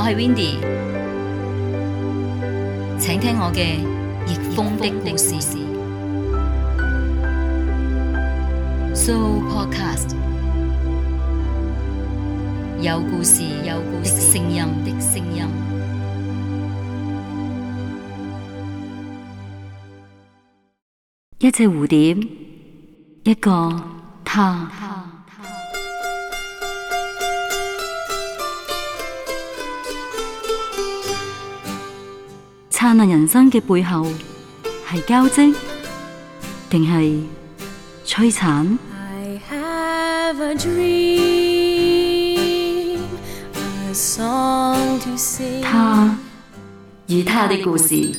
我係 Windy，請聽我嘅逆風的故事。So podcast 有故事有故事聲音的聲音，一隻蝴蝶，一個他。燦爛人生嘅背後，係交織，定係摧殘？A dream, a 他與他的故事。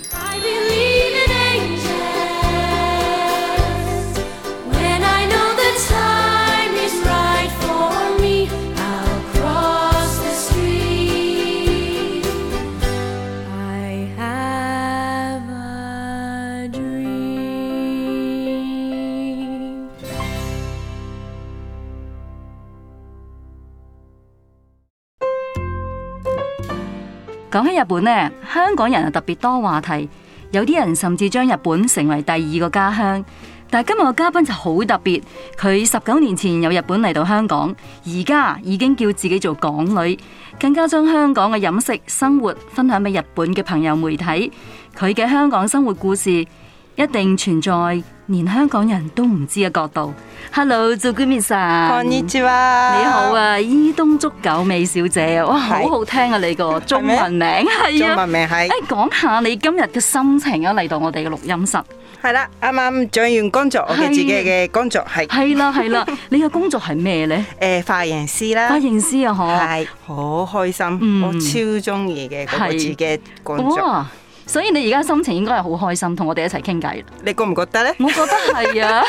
講起日本呢，香港人有特別多話題，有啲人甚至將日本成為第二個家鄉。但係今日個嘉賓就好特別，佢十九年前由日本嚟到香港，而家已經叫自己做港女，更加將香港嘅飲食生活分享俾日本嘅朋友媒體。佢嘅香港生活故事一定存在。.連香港人都唔知嘅角度，Hello，足久美さん，こんにちは，你好啊，伊東足久美小姐，哇，好好聽啊，你個中文名係啊？中文名係，誒，講下你今日嘅心情啊，嚟到我哋嘅錄音室，係啦，啱啱做完工作，我嘅自己嘅工作係，係啦係啦，你嘅工作係咩咧？誒，髮型師啦，髮型師啊，嗬，係，好開心，我超中意嘅，我嘅自己工作。所以你而家心情應該係好開心，同我哋一齊傾偈。你覺唔覺得咧？我覺得係啊，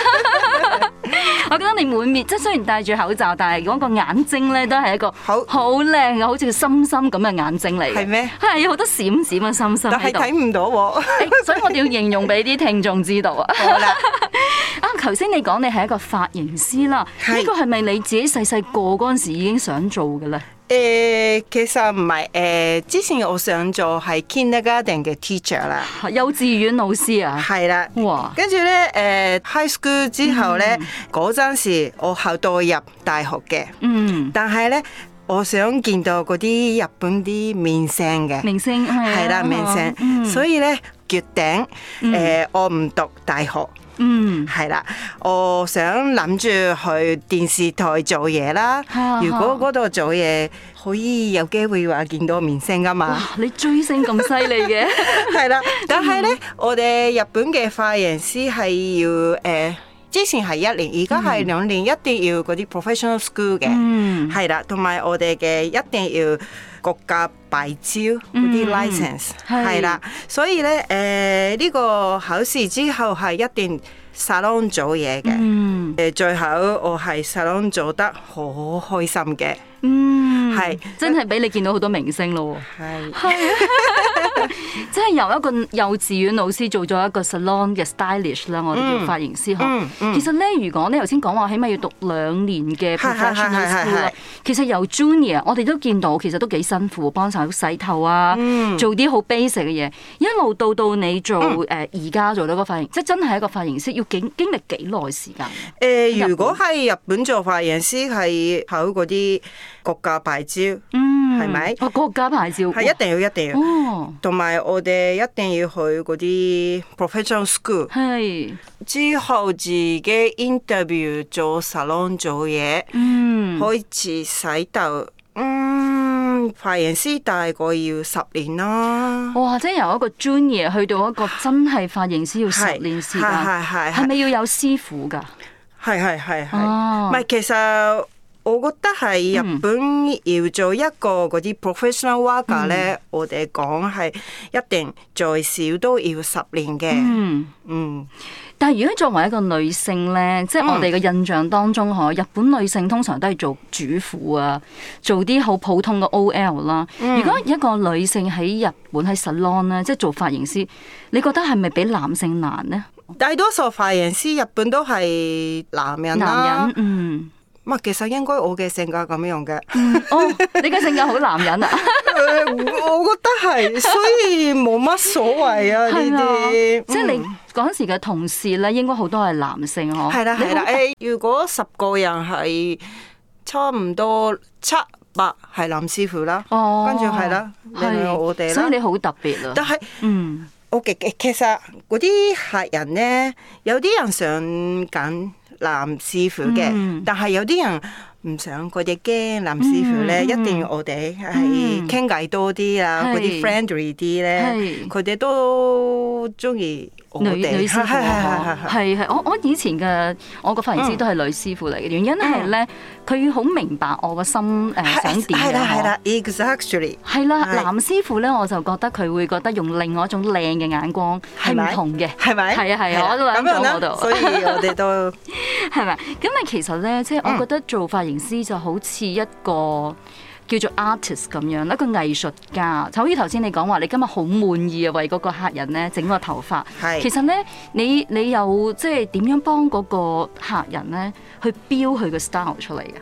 我覺得你滿面即係雖然戴住口罩，但係嗰個眼睛咧都係一個好好靚啊，好似深深咁嘅眼睛嚟。係咩嗎？係有好多閃閃嘅深深喺度，但係睇唔到喎。 所以我哋要形容俾啲聽眾知道啊。 好啦了，啊，頭先你講你係一個髮型師啦，呢個係咪你自己細細個嗰陣時已經想做嘅咧？誒、欸、其實唔係誒，之前我想做係 kindergarten 嘅 teacher 啦，幼稚園老師啊，係啦的，哇！跟住咧誒，high school 之後咧，嗰陣、嗯、時我考到入大學嘅，嗯，但係咧，我想見到嗰啲日本啲明星嘅。明星，係啦，明星，所以咧決定誒、呃、我唔讀大學。嗯，係啦、mm.，我想諗住去電視台做嘢啦。 如果嗰度做嘢，可以有機會話見到明星噶嘛？你追星咁犀利嘅，係啦。但係咧，我哋日本嘅髮型師係要誒。呃之前係一年，而家係兩年，一定要嗰啲 professional school 嘅，係啦、嗯，同埋我哋嘅一定要國家牌照嗰啲 license 係啦，所以咧誒呢個考試，之後係一定 salon 做嘢嘅，誒、嗯、最後我係 salon 做得好開心嘅。嗯，係是真係俾你見到好多明星咯喎，係是，係，即係由一個幼稚園老師做咗一個 salon 嘅 stylist 啦、嗯，我哋叫髮型師嗬。嗯嗯、其實咧，如果你頭先講話，起碼要讀兩年嘅 professional 嘅書啦。其實由 junior，我哋都見到其實都幾辛苦，幫手洗頭啊，嗯、做啲好 basic 嘅嘢，一路到到你做誒而家做到個髮型，嗯、即係真係一個髮型師要經經歷幾耐時間。誒、呃，如果喺日本做髮型師係考嗰啲。國家牌照，嗯，係咪？哦，國家牌照係一定要，一定要。哦，同埋我哋一定要去嗰啲 professional school，係，之後自己 interview 做 salon 做嘢，嗯，開始洗頭。嗯，髮型師大概要十年啦。哇，即係由一個 junior 去到一個真係髮型師要十年時間，係係係。係咪要有師傅噶？係係係係，唔係其實。我覺得喺日本要做一個嗰啲 professional worker 咧，嗯、我哋講係一定最少都要十年嘅。嗯嗯。嗯，但係如果作為一個女性咧，即係我哋嘅印象當中，嗬、嗯，日本女性通常都係做主婦啊，做啲好普通嘅 OL 啦。嗯、如果一個女性喺日本喺 salon 咧，即係做髮型師，你覺得係咪比男性難呢？大多數髮型師日本都係男人、啊、男人。男人，嗯。其實應該我嘅性格咁樣嘅、嗯。哦， 你嘅性格好男人啊。 呃、我覺得係，所以冇乜所謂啊呢啲。的嗯、即係你嗰陣時嘅同事咧，應該好多係男性呵。係啦，係啦。誒、呃，如果十個人係差唔多七八係男師傅、哦、啦，跟住係啦，係我哋，所以你好特別啊。但係是，嗯，我其其其實嗰啲客人咧，有啲人想揀。男師傅嘅，但係有啲人唔想佢哋驚男師傅咧，嗯、一定要我哋係傾偈多啲啦，嗰啲 friendly 啲咧，佢哋都中意。女女師傅咯，係係，我我以前嘅我個髮型師都係女師傅嚟嘅，原因係咧佢好明白我個心誒想點啊，係啦係啦，exactly 係啦，男師傅咧我就覺得佢會覺得用另外一種靚嘅眼光係唔同嘅，係咪？係啊係啊，我度。所以我哋都係咪？咁啊，其實咧，即係我覺得做髮型師就好似一個。叫做 artist 咁樣，一個藝術家，就好似頭先你講話，你今日好滿意啊，為嗰個客人咧整個頭髮。係，其實咧，你你有即係點樣幫嗰個客人咧去標佢個 style 出嚟嘅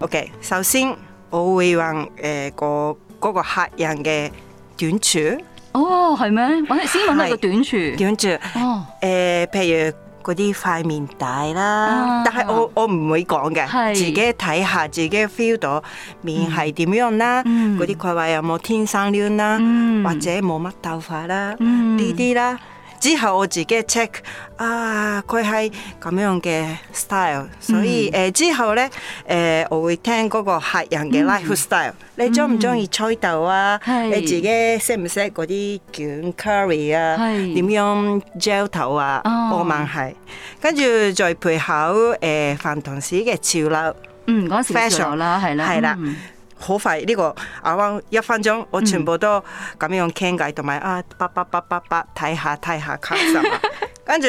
？OK，首先我會話誒、呃嗰個、嗰個客人嘅短處。哦，係咩？揾啲先，揾下個短處。短處。哦。誒、呃，譬如。嗰啲塊面大啦，啊、但係我我唔會講嘅，是自己睇下，自己 feel 到面係點樣啦，嗰啲佢話有冇天生攣啦，嗯、或者冇乜頭髮啦，呢啲、嗯、啦。之後我自己 check 啊，佢係咁樣嘅 style，所以誒、mm hmm. 之後咧誒、呃，我會聽嗰個客人嘅 lifestyle，、mm hmm. 你鍾唔鍾意吹頭啊？Mm hmm. 你自己識唔識嗰啲捲 curry 啊？點、mm hmm. 樣 gel 頭啊？Mm hmm. 我問係，跟住再配合誒、呃、飯堂師嘅潮流，mm hmm. Fashion, 嗯嗰時就啦，係啦。Mm hmm. 好快呢、呢個啊 o 一分鐘，我全部都咁樣傾偈，同埋、嗯、啊！八八八八啪，睇下睇下，講曬 跟住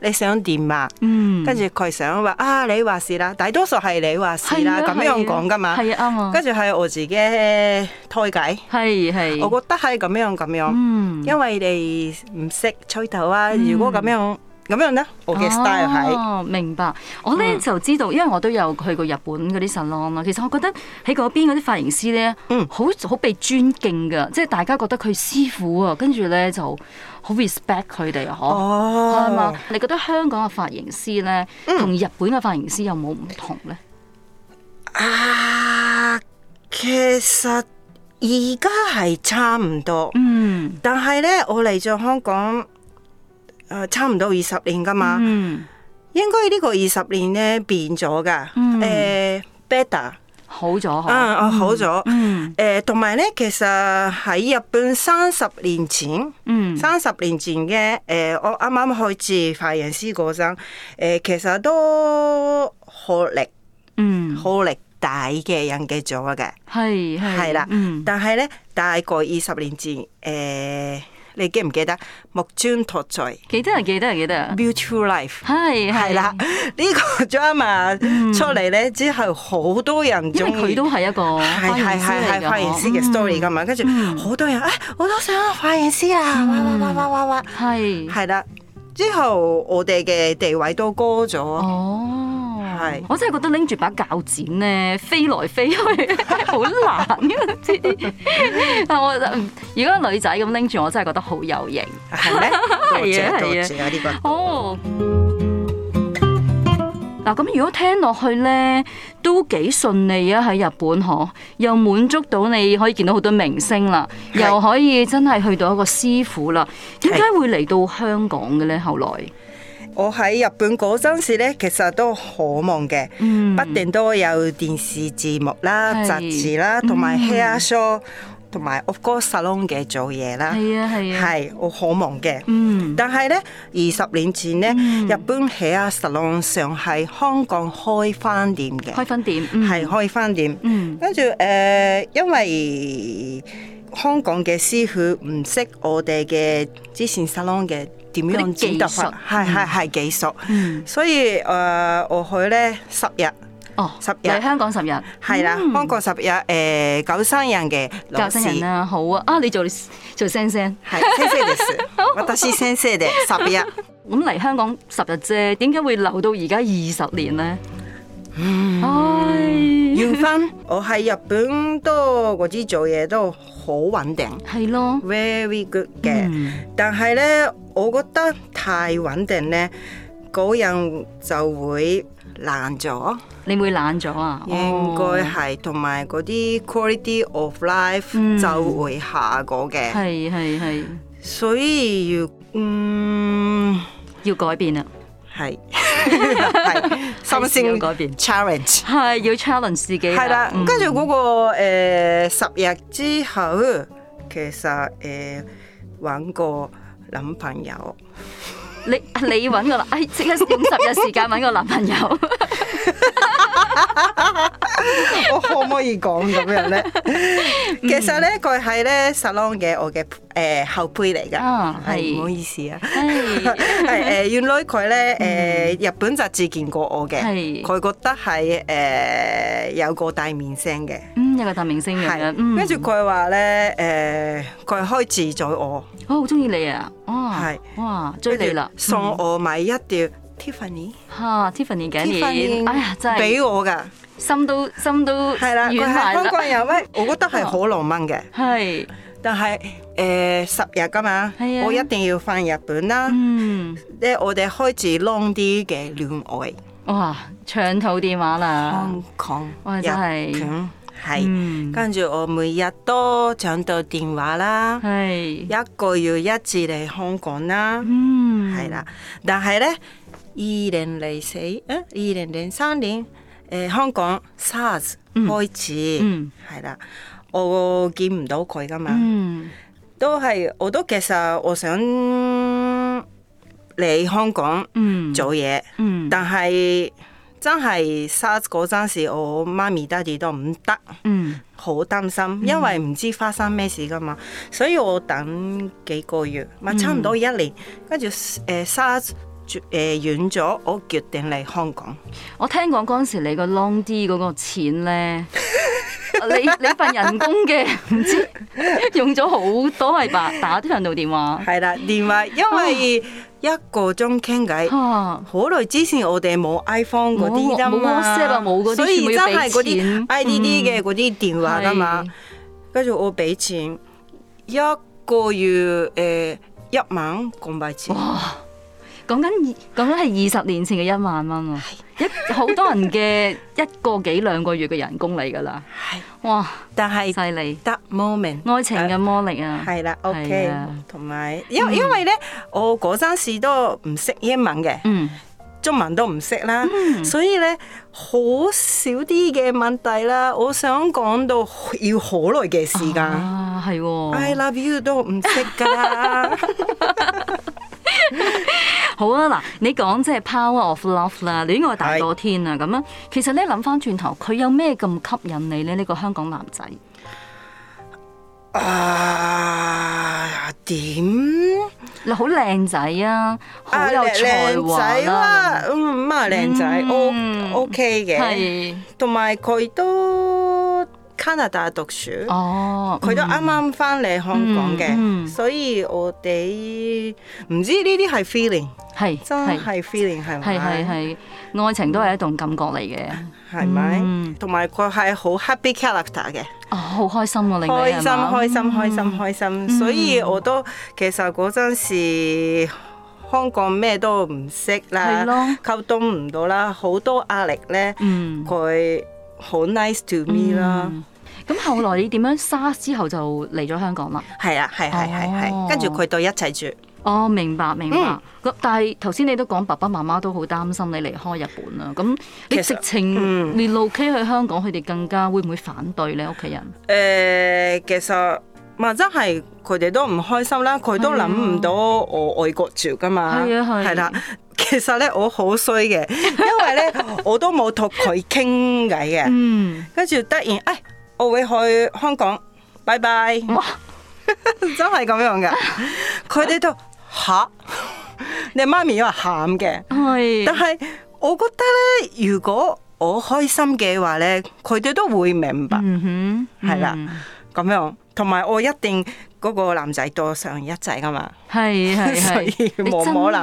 你想點啊？嗯。跟住佢想話啊，你話事啦，大多數係你話事啦，咁的樣講噶嘛。係啊，啱。跟住係我自己推介。係係的。的我覺得係咁樣咁樣。嗯。因為你唔識吹頭啊，嗯、如果咁樣。咁樣呢？我嘅 style 係哦、啊，是明白。我呢就知道，因為我都有去過日本嗰啲 salon 啦、嗯。其實我覺得喺嗰邊嗰啲髮型師呢，好好、嗯、被尊敬噶，即係大家覺得佢師傅啊，跟住呢就好 respect 佢哋嗬。哦，係嘛？你覺得香港嘅髮型師呢，同、嗯、日本嘅髮型師有冇唔同呢？啊，其實而家係差唔多，嗯。但係呢，我嚟咗香港。誒，差唔多二十年噶嘛，嗯、應該呢個二十年咧變咗噶。誒、嗯呃、，better 好咗，好啊，好咗、嗯。誒、嗯，同埋咧，其實喺日本三十年前，三十、嗯、年前嘅，誒、呃，我啱啱開始髮型師嗰陣，誒、呃，其實都好力，嗯，好力大嘅印記咗嘅，係係啦，但係咧，大概二十年前，誒、呃。呃你記唔記得木村拓哉？幾多人記得啊，記得啊。Beautiful Life，係係啦，呢個 drama 出嚟咧之後，好多人因為佢都係一個係係係係髮型師嘅 story 噶嘛，跟住好多人啊，我都想髮型師啊，哇哇哇哇哇哇，係係啦，之後我哋嘅地位都高咗。係，是我真係覺得拎住把鉸剪咧飛來飛去 好難嘅、啊，知？ 但係如果女仔咁拎住，我真係覺得好有型。係 咧，多謝多謝哦，嗱、啊，咁如果聽落去咧都幾順利啊！喺日本嗬、啊，又滿足到你可以見到好多明星啦，的又可以真係去到一個師傅啦。點解的的會嚟到香港嘅咧？後來？我喺日本嗰陣時咧，其實都好忙嘅，嗯、不定都有電視節目啦、是雜誌啦，同埋 hair show，同埋 office salon 嘅做嘢啦。係啊係啊，係、啊、我好忙嘅。嗯。但係咧，二十年前咧，嗯、日本 hair salon 上係香港開翻店嘅。開分店。係、嗯、開翻店。跟住誒，因為香港嘅師傅唔識我哋嘅之前 salon 嘅。啲技術係係係技術，所以誒、呃、我去咧十日，哦十日嚟香港十日，係啦，香港十日誒，夠、呃、三日嘅九生人啦，啊，好啊，啊你做做先生係先生的，我是先生哋，十日，咁嚟 香港十日啫，點解會留到而家二十年咧？嗯，原翻我喺日本都嗰啲做嘢都好穩定，係咯，very good 嘅。但係咧，我覺得太穩定咧，嗰樣就會懶咗。你會懶咗啊？應該係，同埋嗰啲 quality of life 就會下降嘅，係係係。所以要嗯要改變啊。係，係，首先 challenge，係要 challenge 自己。係啦，跟住嗰個誒十日之後，其實誒揾個男朋友，你你揾噶啦，即係五十日時間揾個男朋友。 我可唔可以講咁樣咧？其實咧佢係咧 salon 嘅，的我嘅誒、呃、後輩嚟噶，係唔、啊哎、好意思啊。係誒是， 原來佢咧誒日本雜誌見過我嘅，佢、嗯、覺得係誒、呃、有個大明星嘅，嗯，有個大明星嘅，嗯。跟住佢話咧，誒、呃、佢開始追我，我好中意你啊，哦，係是，哇追你啦，送我買一碟。」Tiffany 嚇，Tiffany 幾年？哎呀，真係俾我噶，心都心都係啦。佢係香港人喎，我覺得係好浪漫嘅，係。但係誒十日㗎嘛，我一定要返日本啦。嗯，即係我哋開始 long 啲嘅戀愛。哇，長途電話啦，香港又係，係，跟住我每日都搶到電話啦，係一個月一次嚟香港啦，嗯，係啦，但係咧。二零零四，嗯，二零零三年，香港 SARS 開始係啦、嗯，我見唔到佢噶嘛，嗯、都係我都其實我想嚟香港做嘢，嗯、但係真係 SARS 嗰陣時，我媽咪爹地、爹哋都唔得，好擔心，嗯、因為唔知發生咩事噶嘛，所以我等幾個月，咪差唔多一年，跟住誒 SARS。誒遠咗，我決定嚟香港。我聽講嗰陣時，你個 long D 嗰個錢咧，你你份人工嘅唔知用咗好多係吧？打啲長途電話係啦，電話因為一個鐘傾偈，好耐之前我哋冇 iPhone 嗰啲啦嘛，冇 WhatsApp 冇嗰啲，所以真係嗰啲 IDD 嘅嗰啲電話㗎嘛。跟住我俾錢一個月誒一萬蚊咁俾錢。講緊講緊係二十年前嘅一萬蚊啊！一好多人嘅一個幾兩個月嘅人工嚟㗎啦！係哇！但係犀利，that moment，愛情嘅魔力啊！係啦，OK，同埋，因因為咧，我嗰陣時都唔識英文嘅，嗯，中文都唔識啦，所以咧，好少啲嘅問題啦，我想講到要好耐嘅時間啊，係喎，I love you 都唔識㗎。 好啊嗱，你講即係 power of love 啦，戀愛大過天啊咁啊，其實咧諗翻轉頭，佢有咩咁吸引你咧？呢、這個香港男啊仔啊？點、啊？你好靚仔啊，好有才華啊。咁啊靚仔，OK 嘅，同埋佢都。加拿大讀書，哦，佢都啱啱翻嚟香港嘅，所以我哋唔知呢啲係 feeling，係真係 feeling 係咪？係係係，愛情都係一種感覺嚟嘅，係咪？同埋佢係好 happy character 嘅，啊，好開心啊。你係開心開心開心開心，所以我都其實嗰陣時香港咩都唔識啦，係咯，溝通唔到啦，好多壓力咧，佢好 nice to me 啦。咁後來你點樣沙士之後就嚟咗香港啦？係 啊，係係係係，跟住佢到一齊住。哦，明白明白。咁、嗯、但係頭先你都講爸爸媽媽都好擔心你離開日本啦。咁你直情沿路 K 去香港，佢哋更加會唔會反對你屋企人？誒、呃，其實嘛、嗯、真係佢哋都唔開心啦，佢都諗唔到我外國住噶嘛。係啊係。係、啊啊、啦，其實咧我好衰嘅，因為咧 我都冇同佢傾偈嘅。嗯。跟住突然誒。哎哎我會去香港，拜拜。 真係咁樣嘅，佢哋 都嚇。 你媽咪因為喊嘅，是但係我覺得咧，如果我開心嘅話咧，佢哋都會明白。嗯哼，係、嗯、啦，咁樣同埋我一定嗰、那個男仔多上一仔噶嘛。係係係。你真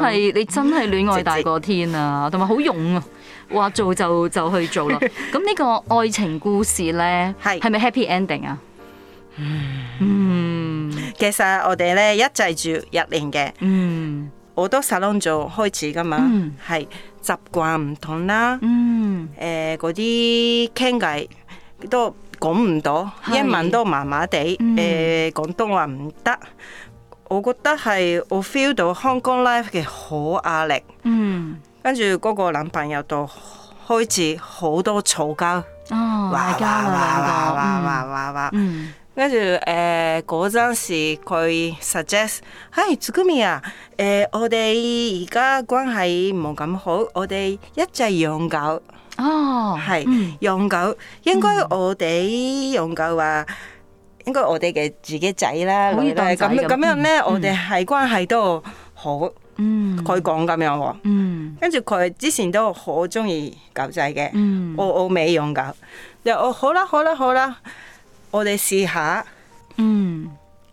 係你真係戀愛大過天啊！同埋 好勇啊！話做就就去做咯。咁呢個愛情故事呢，係係咪 happy ending 啊？嗯，其實我哋呢一齊住一年嘅，嗯，我都沙龍做開始噶嘛，係習慣唔同啦，誒嗰啲傾偈都講唔到，英文都麻麻地，誒廣東話唔得，我覺得係我 feel 到 Hong Kong life 嘅好壓力，嗯。跟住嗰個男朋友度開始好多嘈交，哇哇哇哇哇哇哇哇！跟住誒嗰陣時，佢 suggest，係朱君明啊，誒我哋而家關係冇咁好，我哋一齊養狗，哦，係養狗，應該我哋養狗話，應該我哋嘅自己仔啦，係咁咁樣咧，我哋係關係都好。佢講咁樣，嗯、跟住佢之前都好中意狗仔嘅，嗯，我我未養狗，就我好啦好啦好啦，我哋試下，嗯，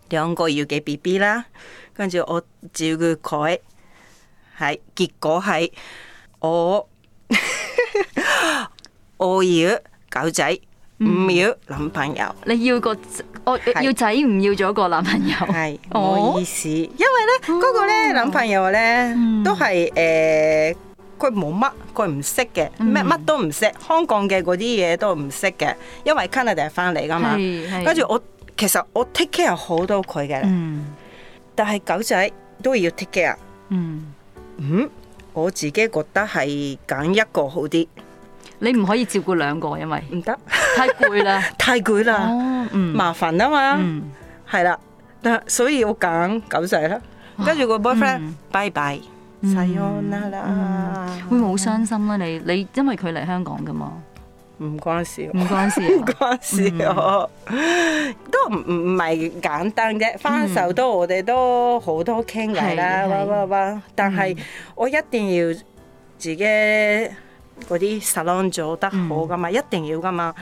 兩個要嘅 B B 啦，跟住我照顧佢佢，係結果係我 我要狗仔，唔、嗯、要男朋友，你要個。哦、要仔唔是要咗個男朋友，係我意思，哦、因為咧嗰、那個咧、oh. 男朋友咧、mm. 都係誒，佢冇乜，佢唔識嘅咩乜都唔識，香港嘅嗰啲嘢都唔識嘅，因為 Canada 翻嚟噶嘛，跟住我其實我 take care 好多佢嘅，mm. 但係狗仔都要 take care，嗯，mm. 嗯，我自己覺得係揀一個好啲。你唔可以照顧兩個，因為唔得，太攰啦，太攰啦，哦，嗯，麻煩啊嘛，嗯，係啦，但係所以我講講曬啦，跟住個 boyfriend 拜拜，see you next time，會唔會好傷心呀？你你因為佢嚟香港㗎嘛，唔關事，唔關事，唔關事，都唔唔係簡單啫。翻成都我哋都好多傾偈啦，哇哇哇！但係我一定要自己。嗰啲 salon 做得好噶嘛，一定要噶嘛，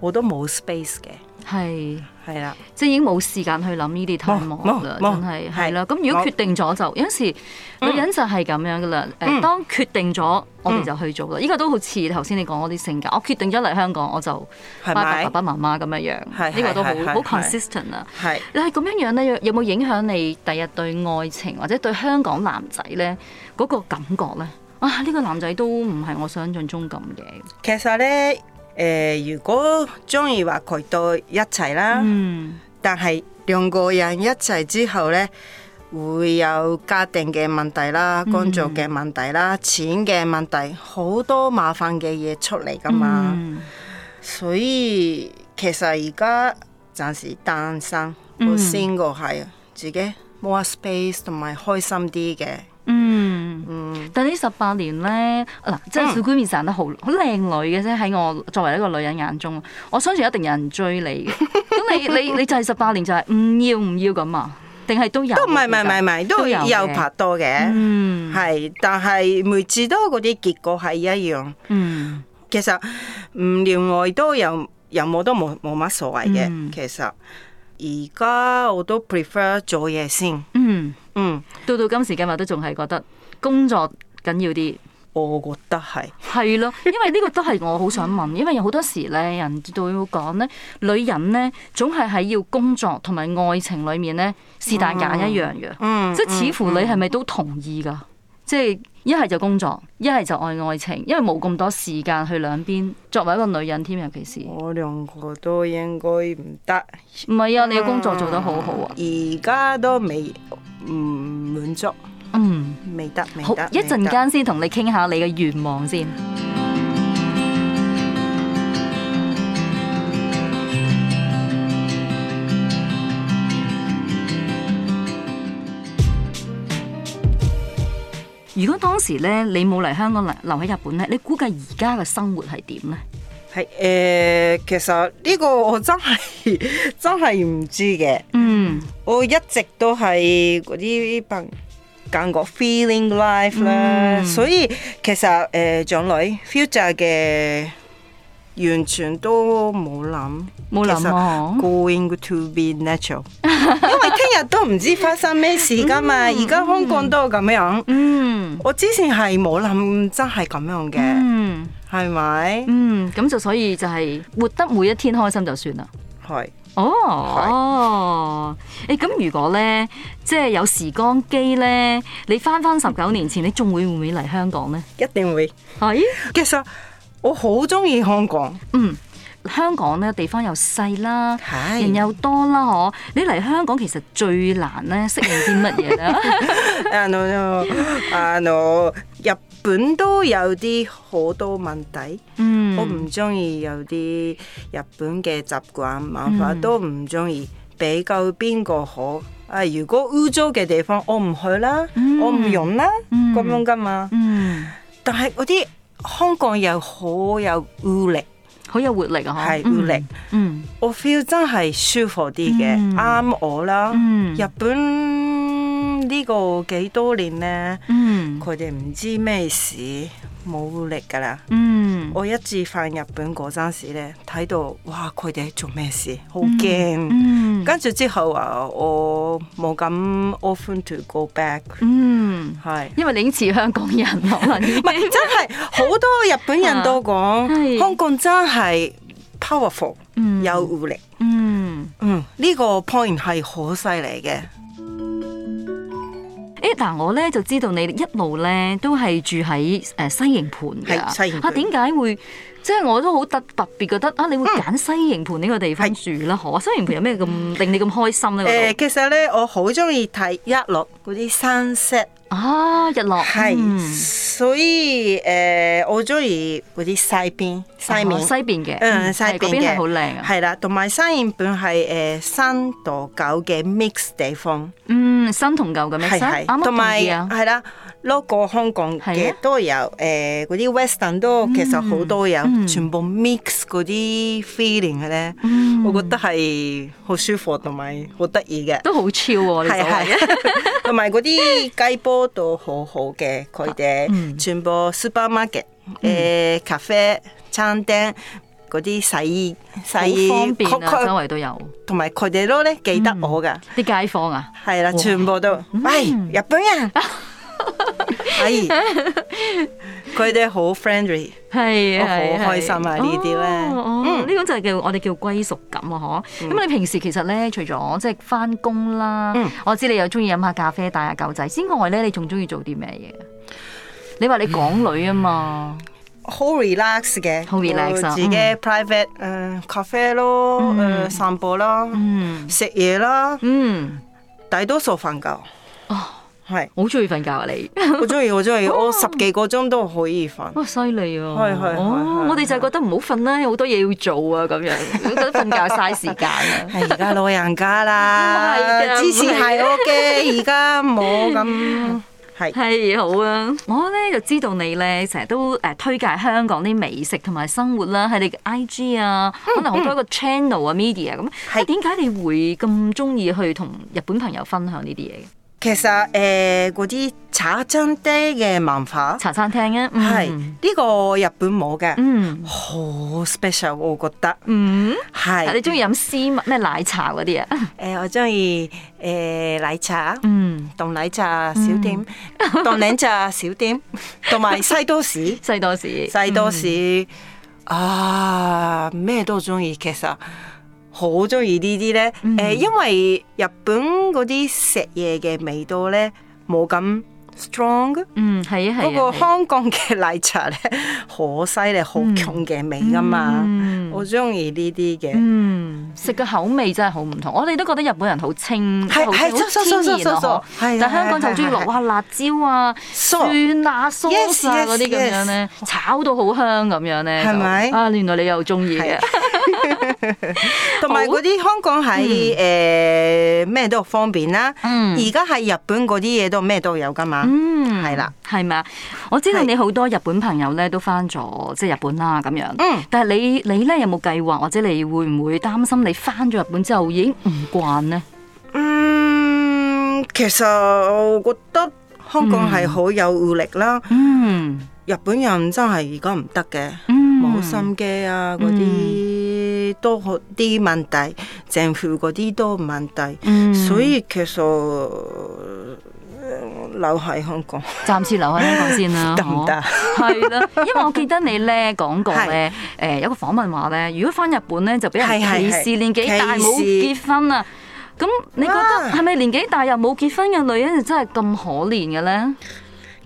我都冇 space 嘅，係係啦，即係已經冇時間去諗呢啲題目啦，真係係啦。咁如果決定咗，就有時女人就係咁樣噶啦。誒，當決定咗，我哋就去做啦。呢個都好似頭先你講嗰啲性格，我決定咗嚟香港，我就拜爸爸爸媽媽咁樣樣，呢個都好好 consistent 啊。係，你係咁樣樣咧，有冇影響你第日對愛情或者對香港男仔咧嗰個感覺咧？啊！呢、這個男仔都唔係我想象中咁嘅。其實咧，誒、呃，如果鍾意話佢到一齊啦，嗯、但係兩個人一齊之後咧，會有家庭嘅問題啦、工作嘅問題啦、嗯、錢嘅問題，好多麻煩嘅嘢出嚟噶嘛。嗯、所以其實而家暫時單身，嗯、我先個係自己 more space 同埋開心啲嘅。嗯，嗯，但係呢十八年咧，嗱、嗯啊，即係小姑 miss 扮得好好靚女嘅啫，喺我作為一個女人眼中，我相信一定有人追你。咁 你你你就係十八年就係唔要唔要咁啊？定係都有？都唔係唔係唔係，都有，都有拍拖嘅。嗯，係，但係每次都嗰啲結果係一樣。嗯，其實唔戀愛都有，有冇都冇冇乜所謂嘅，其實。而家我都 prefer 做嘢先，嗯嗯，到、嗯、到今時今日都仲係覺得工作緊要啲，我覺得係係咯， 因為呢個都係我好想問，因為有好多時咧，人都會講咧，女人咧總係喺要工作同埋愛情裏面咧是但揀一樣嘅，嗯嗯，嗯，即係似乎你係咪都同意噶？即係。一係就工作，一係就愛愛情，因為冇咁多時間去兩邊。作為一個女人添，尤其是我兩個都應該唔得。唔係啊，你嘅工作做得好好啊。而家都未唔滿足，嗯，未得，未得，好。一陣間先同你傾下你嘅願望先。如果當時咧你冇嚟香港留喺日本咧，你估計而家嘅生活係點咧？係誒、呃，其實呢個我真係真係唔知嘅。嗯，我一直都係嗰啲朋感覺、嗯、feeling life 啦，嗯、所以其實誒、呃、長女 future 嘅。完全都冇諗，冇諗啊！Going to be natural，因為聽日都唔知發生咩事㗎嘛，而家香港都咁樣。嗯，我之前係冇諗，真係咁樣嘅。嗯，係咪？嗯，咁就所以就係活得每一天開心就算啦。係。哦。係。誒，咁如果咧，即係有時光機咧，你返返十九年前，你仲會會唔會嚟香港咧？一定會。係。其實。我好中意香港。嗯，香港咧地方又細啦，是人又多啦，嗬。你嚟香港其實最難咧，適應啲乜嘢咧？no no uh, no，日本都有啲好多問題。嗯、我唔中意有啲日本嘅習慣文化，都唔中意比較邊個好。啊，如果污糟嘅地方，我唔去啦，嗯、我唔用啦，咁、嗯、樣噶嘛。嗯，但係嗰啲。香港又好有活力，好有活力啊！係活是、嗯、力，嗯，我 feel 真係舒服啲嘅，啱、嗯、我啦。嗯、日本呢個幾多年咧，佢哋唔知咩事。冇力㗎喇，嗯、我一次返日本嗰陣時咧，睇到哇佢哋做咩事，好驚。跟住、嗯嗯、之後啊，我冇咁 often to go back。嗯，係是，因為你已經似香港人， 可能唔係 真係好多日本人都講、啊、香港真係 powerful、嗯、有力。嗯嗯，呢、嗯嗯、個 point 係好犀利嘅。誒，嗱我咧就知道你一路咧都係住喺誒西營盤㗎，嚇，點解會？即係我都好特特別覺得啊！你會揀西營盤呢個地方住啦，好、嗯、西營盤有咩咁、嗯、令你咁開心咧？誒，其實咧我好中意睇日落嗰啲山色啊，日落係，所以誒、呃、我中意嗰啲西邊西面西邊嘅，嗯、啊、西邊嘅好靚啊，係啦、嗯，同埋西營盤係誒新同舊嘅 mix 地方，嗯新同舊嘅 mix，啱唔啱你啦。攞個香港嘅都有，誒嗰啲 Western 都其實好多有，全部 mix 嗰啲 feeling 嘅咧，我覺得係好舒服同埋好得意嘅，都好超喎呢個位。同埋嗰啲雞煲都好好嘅，佢哋全部 supermarket、誒 cafe、餐廳嗰啲洗衣洗衣方便啊，周圍都有。同埋佢哋都咧記得我噶，啲街坊啊，係啦，全部都喂日本人。阿姨，佢哋好 friendly，係啊，好開心啊呢啲咧。呢種就係叫我哋叫歸屬感啊，嗬。咁你平時其實咧，除咗即係翻工啦，我知你又中意飲下咖啡、帶下狗仔之外咧，你仲中意做啲咩嘢？你話你港女啊嘛，好 relax 嘅，好 relax 自己 private 誒咖啡咯，誒散步咯，食嘢啦，嗯，大多數瞓覺。哦。係好中意瞓覺啊你，好中意好中意，我十幾個鐘都可以瞓。哇，犀利啊！係係哦，我哋就覺得唔好瞓啦，好多嘢要做啊咁樣，覺得瞓覺嘥時間啊。係而家老人家啦，支持係 OK，而家冇咁係，係好啊。我咧就知道你咧成日都誒推介香港啲美食同埋生活啦，喺你嘅 IG 啊，可能好多個 channel 啊 media 咁。係，點解你會咁中意去同日本朋友分享呢啲嘢？其實誒嗰啲茶餐廳嘅文化，茶餐廳啊，係、嗯、呢、呢個日本冇嘅，嗯，好 special 我覺得，嗯，係是、啊。你中意飲絲襪咩奶茶嗰啲啊？誒、呃，我中意誒奶茶，嗯，凍奶茶小店，凍、嗯、檸茶小店，同埋 西多士，西多士，嗯、西多士啊，咩都中意，其實。好中意呢啲咧，誒、呃，因為日本嗰啲食嘢嘅味道咧，冇咁 strong，嗯，係啊係啊，不過香港嘅奶茶咧，好犀利，好重嘅味，噶嘛，我中意呢啲嘅，嗯，食嘅口味真係好唔同。我哋都覺得日本人好清，係好天然嗬。但香港就中意落下辣椒啊、蒜啊、酸啊嗰啲咁樣咧，炒到好香咁樣咧，係咪啊？原來你又中意嘅，同埋嗰啲香港喺誒，咩都方便啦。而家喺日本嗰啲嘢都咩都有噶嘛。嗯，係啦，係咪啊？我知道你好多日本朋友咧都翻咗即係日本啦咁樣。嗯，但係你你咧有冇計劃或者你會唔會擔心你翻咗日本之後已經唔慣呢？嗯，其實我覺得香港係好有活力啦。嗯，日本人真係如果唔得嘅，嗯，冇心機啊，嗰啲、嗯、都好啲問題，政府嗰啲都問題。嗯、所以其實。留喺香港， 暫時留喺香港先啦，得唔得？係 啦，因為我記得你咧講過咧，誒是、欸、有個訪問話咧，如果返日本咧就俾人歧視，是是是年紀大冇視結婚啊，咁你覺得係咪哇年紀大又冇結婚嘅女人就真係咁可憐嘅咧？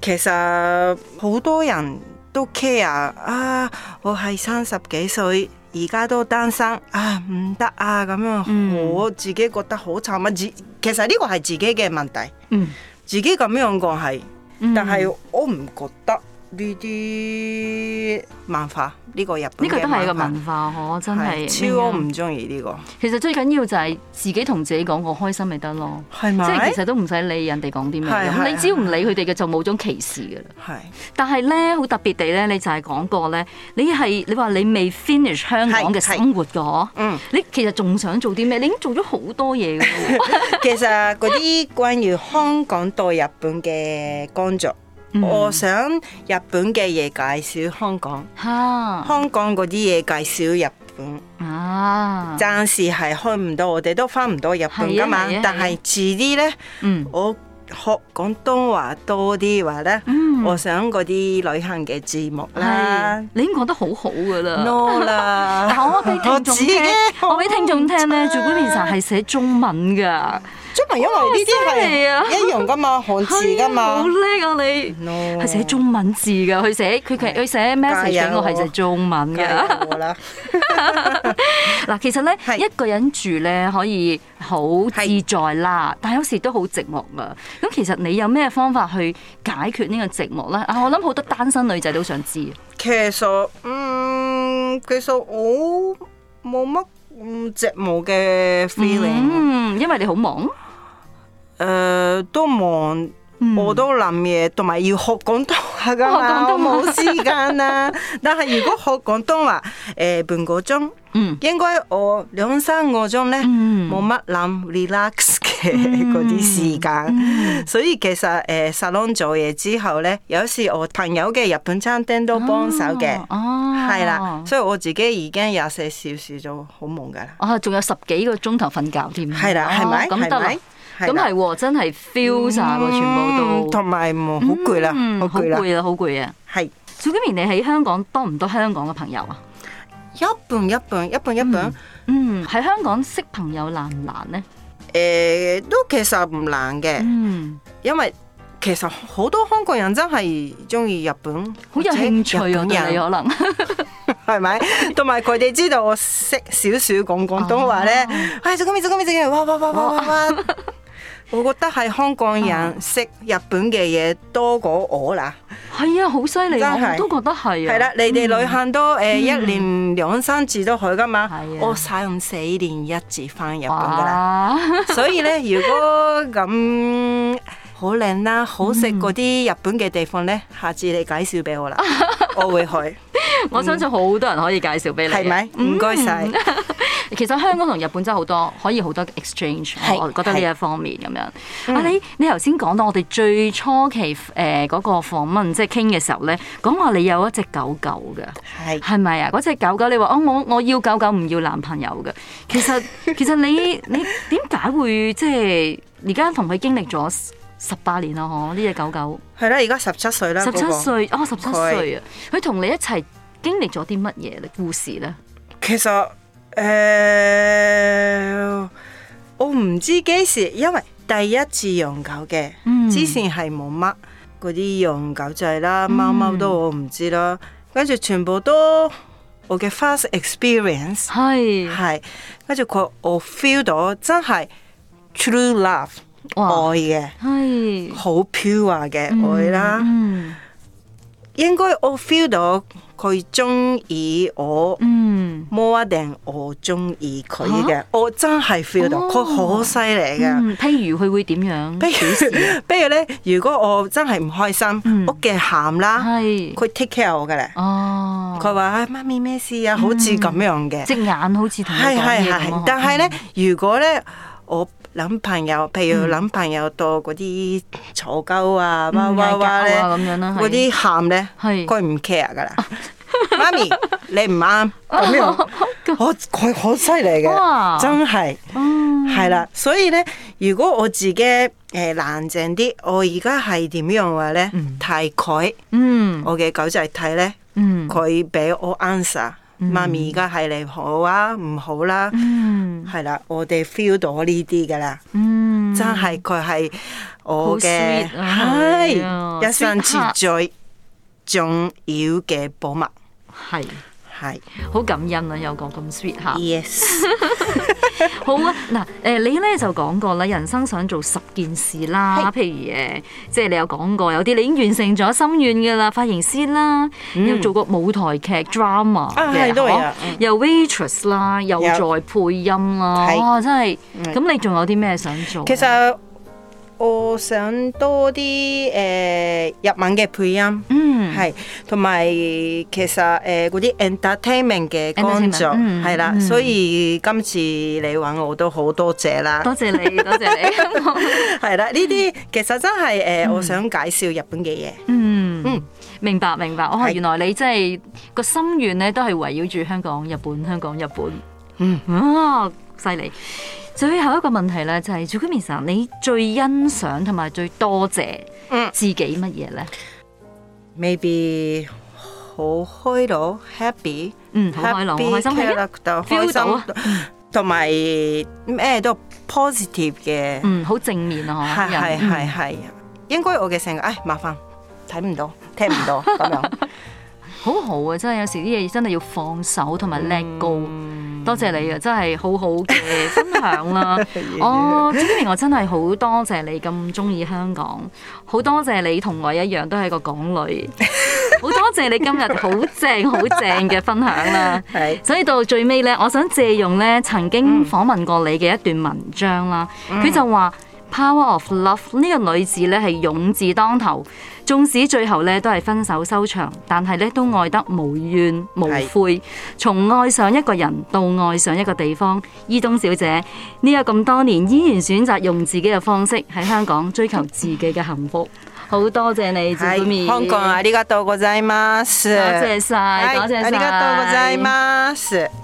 其實好多人都 care 啊，我係三十幾歲，而家都單身啊，唔得啊，咁樣，嗯、我自己覺得好慘啊，自其實呢個係自己嘅問題。嗯。自己咁樣講係，但係我唔覺得。 呢啲文化，呢個日本，呢個都係一個文化，嗬，是真係是超唔中意呢個。其實最緊要就係自己同自己講個開心咪得咯，是是即係其實都唔使理人哋講啲咩。咁你只要唔理佢哋嘅，就冇種歧視噶啦。係是，但係咧好特別地咧，你就係講過咧，你係你話你未 finish 香港嘅生活嘅、嗯、你其實仲想做啲咩？你已經做咗好多嘢喎。其實嗰啲關於香港對日本嘅工作。我想日本嘅嘢介紹香港，香港嗰啲嘢介紹日本。啊，暫時係開唔到，我哋都翻唔到日本噶嘛。但係遲啲咧，我學廣東話多啲話咧，我想嗰啲旅行嘅節目啦。你已經講得好好噶啦，no 啦。我俾聽眾，我俾聽眾聽咧，做 presenter 係寫中文噶。即係因為呢啲係一樣噶嘛，漢字噶嘛，好叻啊你！佢寫中文字噶，佢寫佢其實佢寫 message 俾我係寫中文噶啦。嗱，其實咧，一個人住咧可以好自在啦，但係有時都好寂寞啊。咁其實你有咩方法去解決呢個寂寞咧？啊，我諗好多單身女仔都想知。其實，嗯，其實我冇乜嗯，寂寞嘅 feeling，嗯，因為你好忙。誒，都忙，我都諗嘢，同埋要學廣東話噶嘛，都冇時間啦。但係如果學廣東話，誒半個鐘，嗯，應該我兩三個鐘咧，冇乜諗 relax 嘅嗰啲時間。所以其實誒，沙龍做嘢之後咧，有時我朋友嘅日本餐廳都幫手嘅，係啦，所以我自己已經廿四小時都好忙噶啦。哦，仲有十幾個鐘頭瞓覺添，係啦，係咪咁？咁係喎，真係 feel 曬喎，全部都同埋喎，好攰啦，好攰啦，好攰啊！係祖基明，你喺香港多唔多香港嘅朋友啊？一半一半一半一半。嗯，喺香港識朋友難唔難咧？誒，都其實唔難嘅。嗯，因為其實好多香港人真係中意日本，好有興趣啊！咁樣可能係咪？同埋佢哋知道我識少少講廣東話咧，係祖基明，祖基明，祖基明，哇哇哇哇哇哇！我覺得係香港人食日本嘅嘢多過我啦。係啊，好犀利，是我都覺得係啊。係啦、啊，你哋旅行都誒、嗯呃、一年兩三次都去噶嘛，啊、我三五四年一次返日本噶啦。哇 所以咧，如果咁。好靚啦、啊，好食嗰啲日本嘅地方呢，下次你介紹俾我啦， 我會去。我相信好多人可以介紹俾你，啊、你，係咪唔該晒？其實香港同日本真係好多可以好多 exchange，我是我覺得呢一方面咁樣。啊，你你頭先講到我哋最初期誒嗰、呃那個訪問，即係傾嘅時候呢，講話你有一隻狗狗嘅，係係咪啊？嗰隻狗狗你話哦，我我要狗狗，唔要男朋友嘅。其實其實你你點解會即係而家同佢經歷咗十八年啦，嗬！呢隻狗狗係啦，而家十七歲啦，十七歲哦，十七歲啊，佢同你一齊經歷咗啲乜嘢故事咧？其實誒，我唔知幾時，因為第一次養狗嘅，之前係冇乜嗰啲養狗仔啦、貓貓都我唔知啦，跟住全部都我嘅 first experience，係係，跟住佢我 feel 到真係 true love。愛嘅係好 pure 嘅愛啦，應該 我 feel 到佢中意我、 啊啊哦，嗯，或者我中意佢嘅，我真係 feel 到佢好犀利嘅。譬如佢會點樣？譬如譬如咧，如果我真係唔開心，屋企喊啦，係佢 take care 我嘅咧。哦，佢話：哎，媽咪咩事啊？好似咁樣嘅，隻眼好似同我講嘢咁。但係咧，嗯、如果咧我。諗朋友，譬如諗朋友到嗰啲坐高啊，哇哇哇咧咁樣啦，嗰啲喊咧，佢唔 care 噶啦。媽咪，你唔啱，咁樣，我佢好犀利嘅，真係，係啦。所以咧，如果我自己誒冷靜啲，我而家係點樣話咧？提佢，我嘅狗仔睇咧，佢畀我 answer。媽咪而家係你好啊，唔好啦、啊，係啦、嗯，我哋 feel 到呢啲噶啦，嗯、真係佢係我嘅係一生最重要嘅寶物，係蜜。係是好感恩啦，有個咁 sweet 吓。Yes， 好啊嗱，誒、呃、你咧就講過啦，人生想做十件事啦，是譬如誒，即係你有講過有啲你已經完成咗心願嘅啦，髮型師啦，要、嗯、做過舞台劇 drama 又 waitress 啦，又再配音啦，有哇真係，咁的、嗯、你仲有啲咩想做？其實。我想多啲誒、呃、日文嘅配音，係同埋其實誒嗰啲 entertainment 嘅工作係啦，所以今次你揾我都好多謝啦，多謝你，多謝你，係啦， 呢啲其實真係誒，呃嗯、我想介紹日本嘅嘢。嗯嗯，明白明白，哦，原來你真係個是心願咧，都係圍繞住香港日本、香港日本，嗯啊，犀利！最後一個問題咧，就係朱 o e m i 你最欣賞同埋最多謝自己乜嘢咧？Maybe 好開到 happy，嗯、mm.，好開朗，開心啲，開心，同埋咩都 positive 嘅，mm. 嗯，好正面啊，係係係係，嗯、應該我嘅性格，唉、哎，麻煩，睇唔到，聽唔到咁樣。 好好啊，真係有時啲嘢真係要放手同埋 let go，hmm. 多謝你啊！真係好好嘅分享啦。哦，朱晶明，我真係好多謝你咁中意香港，好多謝你同我一樣都係個港女，好多謝你今日好正好正嘅分享啦。 所以到最尾呢，我想借用呢曾經訪問過你嘅一段文章啦，佢、mm hmm. 就話 Power of Love 呢、呢個女子呢係勇字當頭。縱使最後咧都係分手收場，但係咧都愛得無怨無悔。是從愛上一個人到愛上一個地方，伊東小姐呢、呢個咁多年依然選擇用自己嘅方式喺香港追求自己嘅幸福。好多謝你，小妹妹。係，香港，ありがとうございます。多謝晒。多謝曬，多謝曬。